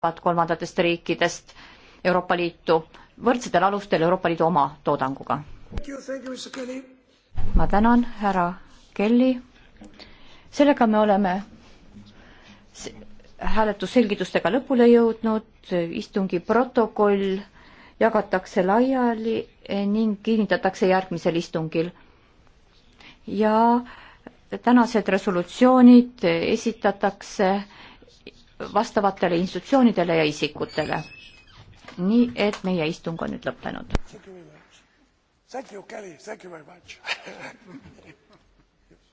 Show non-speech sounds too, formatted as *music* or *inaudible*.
tulevad kolmandatest riikidest Euroopa Liitu võrdsetel alustel Euroopa Liidu oma toodanguga. ma tänan, härra Kelly. sellega me oleme hääletusselgitustega lõpule jõudnud, istungi protokoll jagatakse laiali ning kinnitatakse järgmisel istungil. ja tänased resolutsioonid esitatakse vastavatele institutsioonidele ja isikutele. nii et meie istung on nüüd lõppenud. Thank you, Kelly. Thank you very much. *laughs*